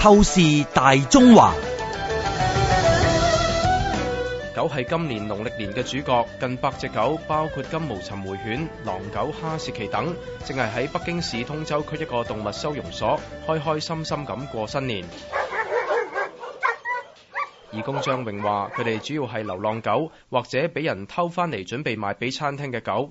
透視大中華，狗係今年農曆年嘅主角，近百隻狗，包括金毛尋回犬、狼狗、哈士奇等，淨係喺北京市通州區一個動物收容所，開開心心咁過新年。義工張穎話，佢哋主要係流浪狗，或者俾人偷翻嚟準備賣俾餐廳嘅狗。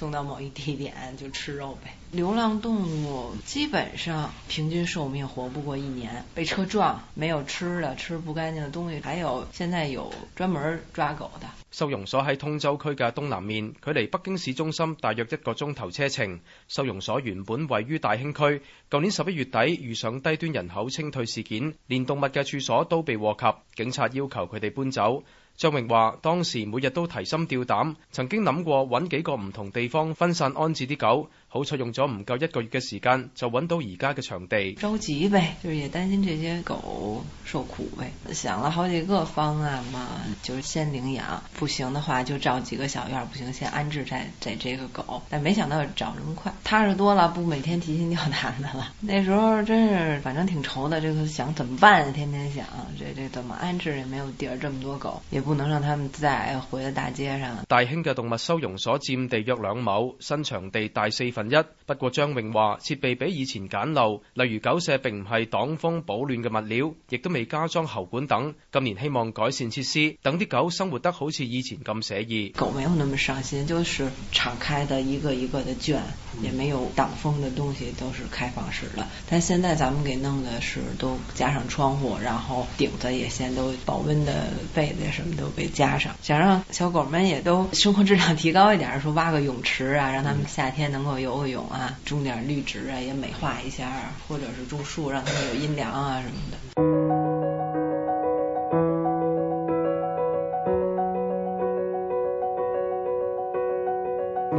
送到某一地點就吃肉唄。流浪動物基本上平均壽命活不過一年，被車撞，沒有吃的，吃不乾淨的東西，還有現在有專門抓狗的。收容所喺通州區嘅東南面，距離北京市中心大約一個鐘頭車程。收容所原本位於大興區，舊年十一月底遇上低端人口清退事件，連動物嘅處所都被禍及，警察要求佢哋搬走。張穎話：當時每日都提心吊膽，曾經諗過搵幾個唔同地方分散安置啲狗。好彩用咗唔夠一個月嘅時間就揾到而家嘅場地。着急唄，就是也擔心這些狗受苦唄。想了好幾個方案，啊、嘛，就是先領養，不行的話就找幾個小院，不行先安置在在這個狗。但沒想到找這麼快，踏實多了，不每天提心吊膽的了。那時候真是，反正挺愁的，這個想怎麼辦，天天想，這這怎麼安置也沒有地兒，這麼多狗，也不能讓他們再回到大街上。大興嘅動物收容所占地約兩畝，新場地大四分。一不過張穎話，設備比以前簡陋，例如狗舍並唔係擋風保暖嘅物料，亦都未加裝喉管等。今年希望改善設施，等啲狗生活得好似以前咁寫意。狗沒有那麼傷心，就是敞開的一個一個的圈也沒有擋風的東西，都是開放式的。但現在咱們給弄的是都加上窗戶，然後頂子也先都保溫的被子什麼都被加上，想讓小狗們也都生活質量提高一點。就是、說挖個泳池啊，讓它們夏天能夠有。遊個泳啊，種點綠植啊，也美化一下，或者是種樹，讓他們有陰涼啊什麼的。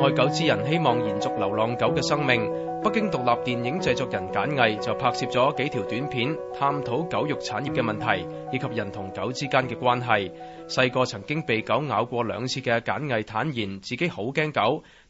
愛狗之人希望延續流浪狗嘅生命。北京獨立電影製作人簡藝就拍攝咗幾條短片，探討狗肉產業嘅問題以及人同狗之間嘅關係。細個曾經被狗咬過兩次嘅簡藝坦言，自己好驚狗。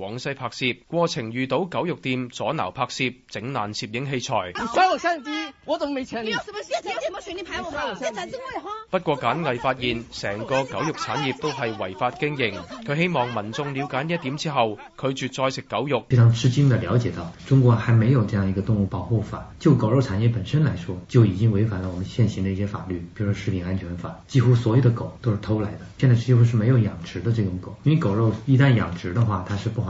廣西拍攝過程遇到狗肉店阻撓拍攝，整爛攝影器材。不，不過簡藝發現，成個狗肉產業都係違法經營。佢希望民眾了解一點之後，拒絕再食狗肉。非常吃驚地了解到，中國還沒有這樣一個動物保護法。就狗肉產業本身來說，就已經違反了我們現行的一些法律，比如說食品安全法。幾乎所有的狗都是偷來的，現在幾乎是沒有養殖的這種狗，因為狗肉一旦養殖的話，它是不好。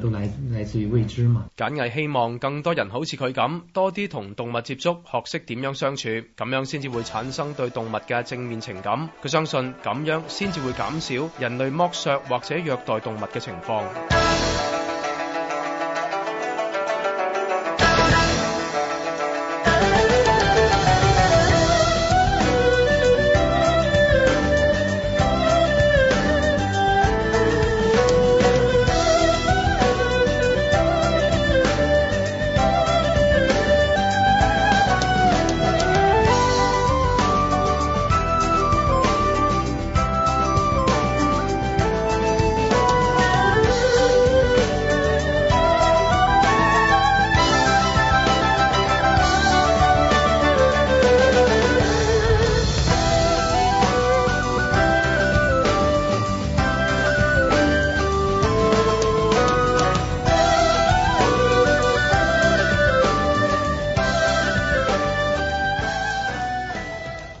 都來來自未知嘛。簡藝希望更多人好似佢咁，多啲同動物接觸，學識點樣相處，咁樣先至會產生對動物嘅正面情感。佢相信咁樣先至會減少人類剝削或者虐待動物嘅情況。